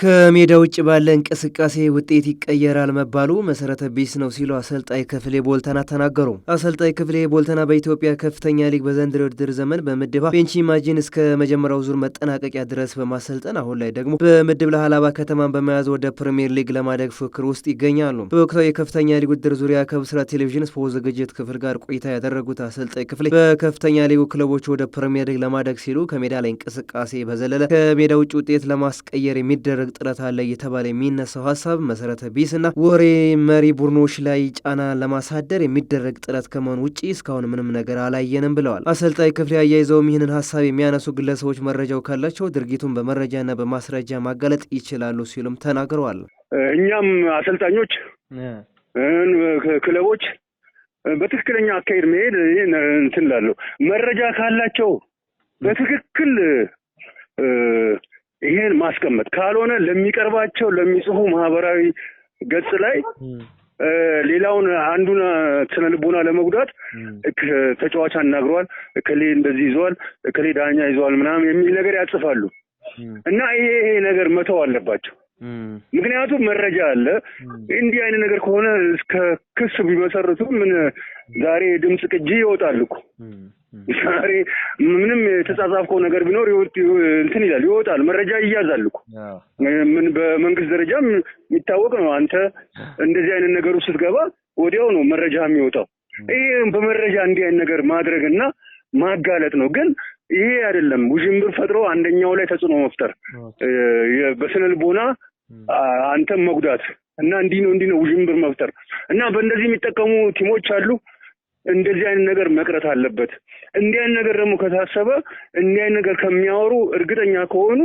ከሜዳ ውጭ ባለ እንቅስቃሴ ውጤት ይቀየራል መባሉ መሰረተ ቢስ ነው ሲሉ አሰልጣኝ ክፍሌ ቦልተና ተናገሩ። አሰልጣኝ ክፍሌ ቦልተና በኢትዮጵያ ከፍተኛ ሊግ በዘንድሮው የውድድር ዘመን በምድባ ቤንች ኢማጂን እስከ መጀመሪያው ዙር መጠናቀቂያ ድረስ በማሰልጠን አሁን ላይ ደግሞ በምድብ ለሀላባ ከተማን በመያዝ ወደ ፕሪምየር ሊግ ለማደግ ፍክር ውስጥ ይገኛሉ። በወቅታዊ የከፍተኛ ሊግ ውድድር ዙሪያ ከብስራ ቴሌቪዥን ስፖርት ዝግጅት ክፍል ጋር ቆይታ ያደረጉት አሰልጣኝ ክፍሌ በከፍተኛ ሊጉ ክለቦች ወደ ፕሪምየር ሊግ ለማደግ ሲሉ ከሜዳ ላይ እንቅስቃሴ በዘለለ ከሜዳ ውጭ ውጤት ለማስቀየር የሚደረግ የማድረግ ጥረት አለ እየተባለ የሚነሳው ሀሳብ መሰረተ ቢስና ወሬ መሪ ቡድኖች ላይ ጫና ለማሳደር የሚደረግ ጥረት ከመሆን ውጭ እስካሁን ምንም ነገር አላየንም ብለዋል። አሰልጣኝ ክፍሌ አያይዘውም ይህንን ሀሳብ የሚያነሱ ግለሰቦች መረጃው ካላቸው ድርጊቱን በመረጃና በማስረጃ ማጋለጥ ይችላሉ ሲሉም ተናግረዋል። እኛም አሰልጣኞች፣ ክለቦች በትክክለኛ አካሄድ መሄድ እንትን ላለሁ መረጃ ካላቸው በትክክል ማስቀመጥ ካልሆነ ለሚቀርባቸው ለሚጽፉ ማህበራዊ ገጽ ላይ ሌላውን አንዱን ስነ ልቦና ለመጉዳት ተጫዋች አናግሯል፣ እከሌ እንደዚህ ይዘዋል፣ እከሌ ዳኛ ይዘዋል ምናምን የሚል ነገር ያጽፋሉ እና ይሄ ይሄ ነገር መተው አለባቸው። ምክንያቱም መረጃ አለ። እንዲህ አይነት ነገር ከሆነ እስከ ክስ ቢመሰርቱ ምን ዛሬ ድምፅ ቅጂ ይወጣል እኮ ዛሬ ምንም የተጻጻፍከው ነገር ቢኖር እንትን ይላል ይወጣል፣ መረጃ ይያዛል እኮ ምን በመንግስት ደረጃም የሚታወቅ ነው። አንተ እንደዚህ አይነት ነገር ስትገባ ወዲያው ነው መረጃ የሚወጣው። ይሄ በመረጃ እንዲህ አይነት ነገር ማድረግና ማጋለጥ ነው። ግን ይሄ አይደለም ውዥንብር ፈጥሮ አንደኛው ላይ ተጽዕኖ መፍጠር፣ በስነ ቦና አንተም መጉዳት እና እንዲህ ነው እንዲህ ነው ውዥንብር መፍጠር እና በእንደዚህ የሚጠቀሙ ቲሞች አሉ። እንደዚህ አይነት ነገር መቅረት አለበት። እንዲህ አይነት ነገር ደግሞ ከታሰበ እንዲህ አይነት ነገር ከሚያወሩ እርግጠኛ ከሆኑ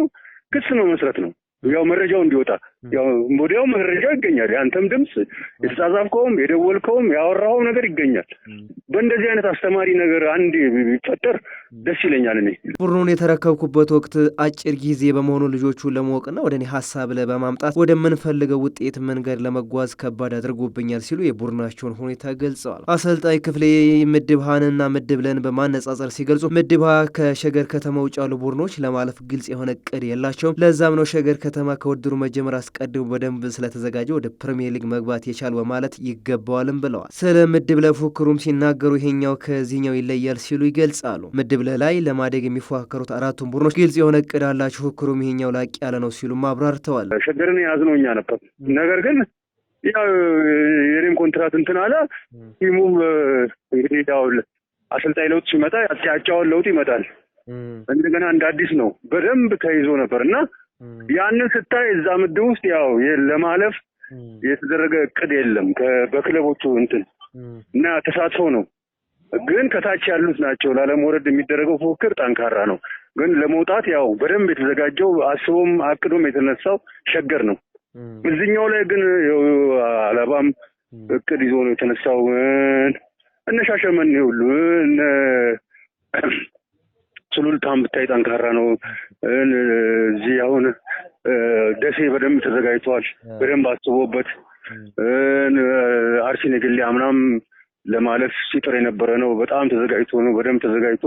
ክስ ነው መስረት ነው ያው መረጃው እንዲወጣ ያው ወዲያው መረጃው ይገኛል። የአንተም ድምፅ የተጻጻፍከውም የደወልከውም ያወራኸው ነገር ይገኛል። በእንደዚህ አይነት አስተማሪ ነገር አንድ ቢፈጠር ደስ ይለኛል። እኔ ቡድኑን የተረከብኩበት ወቅት አጭር ጊዜ በመሆኑ ልጆቹን ለማወቅና ወደ እኔ ሀሳብ ለ በማምጣት ወደምንፈልገው ውጤት መንገድ ለመጓዝ ከባድ አድርጎብኛል ሲሉ የቡድናቸውን ሁኔታ ገልጸዋል። አሰልጣኝ ክፍሌ ምድብ ሀንና ምድብ ለን በማነጻጸር ሲገልጹ ምድብ ሀ ከሸገር ከተማ ውጭ ያሉ ቡድኖች ለማለፍ ግልጽ የሆነ እቅድ የላቸውም። ለዛም ነው ሸገር ከተማ ከውድድሩ መጀመር አስቀድሞ በደንብ ስለተዘጋጀ ወደ ፕሪምየር ሊግ መግባት የቻል በማለት ይገባዋልም ብለዋል። ስለ ምድብ ለፉክሩም ሲናገሩ ይሄኛው ከዚህኛው ይለያል ሲሉ ይገልጻሉ። ምድብ መድብል ላይ ለማደግ የሚፎካከሩት አራቱን ቡድኖች ግልጽ የሆነ እቅድ አላቸው። ፉክክሩም ይሄኛው ላቅ ያለ ነው ሲሉም አብራርተዋል። ሸገርን የያዝነው እኛ ነበር። ነገር ግን ያው የኔም ኮንትራት እንትን አለ። ቲሙም እንግዲህ ያው አሰልጣኝ ለውጥ ሲመጣ አጫዋች ለውጥ ይመጣል። እንደገና እንደ አዲስ ነው በደንብ ተይዞ ነበር እና ያንን ስታይ እዛ ምድብ ውስጥ ያው ለማለፍ የተደረገ እቅድ የለም በክለቦቹ እንትን እና ተሳትፎ ነው ግን ከታች ያሉት ናቸው። ላለመውረድ የሚደረገው ፉክክር ጠንካራ ነው። ግን ለመውጣት ያው በደንብ የተዘጋጀው አስቦም አቅዶም የተነሳው ሸገር ነው። እዚኛው ላይ ግን አላባም እቅድ ይዞ ነው የተነሳው። እነሻሸመን ሻሸመኔ ሁሉ እነ ብታይ ጠንካራ ነው። እዚህ አሁን ደሴ በደንብ ተዘጋጅቷል። በደንብ አስቦበት አርሲ ነገሌ አምናም ለማለፍ ሲጥር የነበረ ነው። በጣም ተዘጋጅቶ ነው፣ በደንብ ተዘጋጅቶ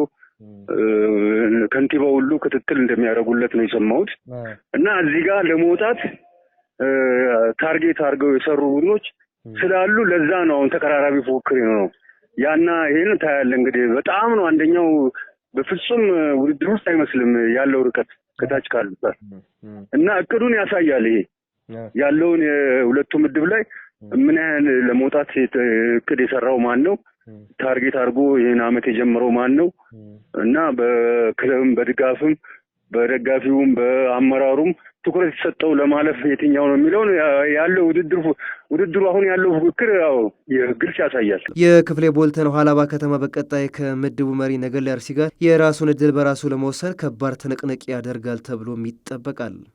ከንቲባ ሁሉ ክትትል እንደሚያደርጉለት ነው የሰማሁት። እና እዚህ ጋር ለመውጣት ታርጌት አድርገው የሰሩ ቡድኖች ስላሉ ለዛ ነው አሁን ተቀራራቢ ፉክክር ነው። ያና ይሄን ታያለ እንግዲህ በጣም ነው አንደኛው በፍጹም ውድድር ውስጥ አይመስልም ያለው ርቀት ከታች ካሉበት እና እቅዱን ያሳያል። ይሄ ያለውን የሁለቱ ምድብ ላይ ምን ያህል ለመውጣት እቅድ የሰራው ማን ነው? ታርጌት አድርጎ ይህን አመት የጀመረው ማን ነው? እና በክለብም በድጋፍም በደጋፊውም በአመራሩም ትኩረት የተሰጠው ለማለፍ የትኛው ነው የሚለውን ያለው ውድድር ውድድሩ አሁን ያለው ፉክክር ያው ግልጽ ያሳያል። የክፍሌ ቦልተን ሀላባ ከተማ በቀጣይ ከምድቡ መሪ ነገሌ አርሲ ጋር የራሱን እድል በራሱ ለመወሰን ከባድ ትንቅንቅ ያደርጋል ተብሎም ይጠበቃል።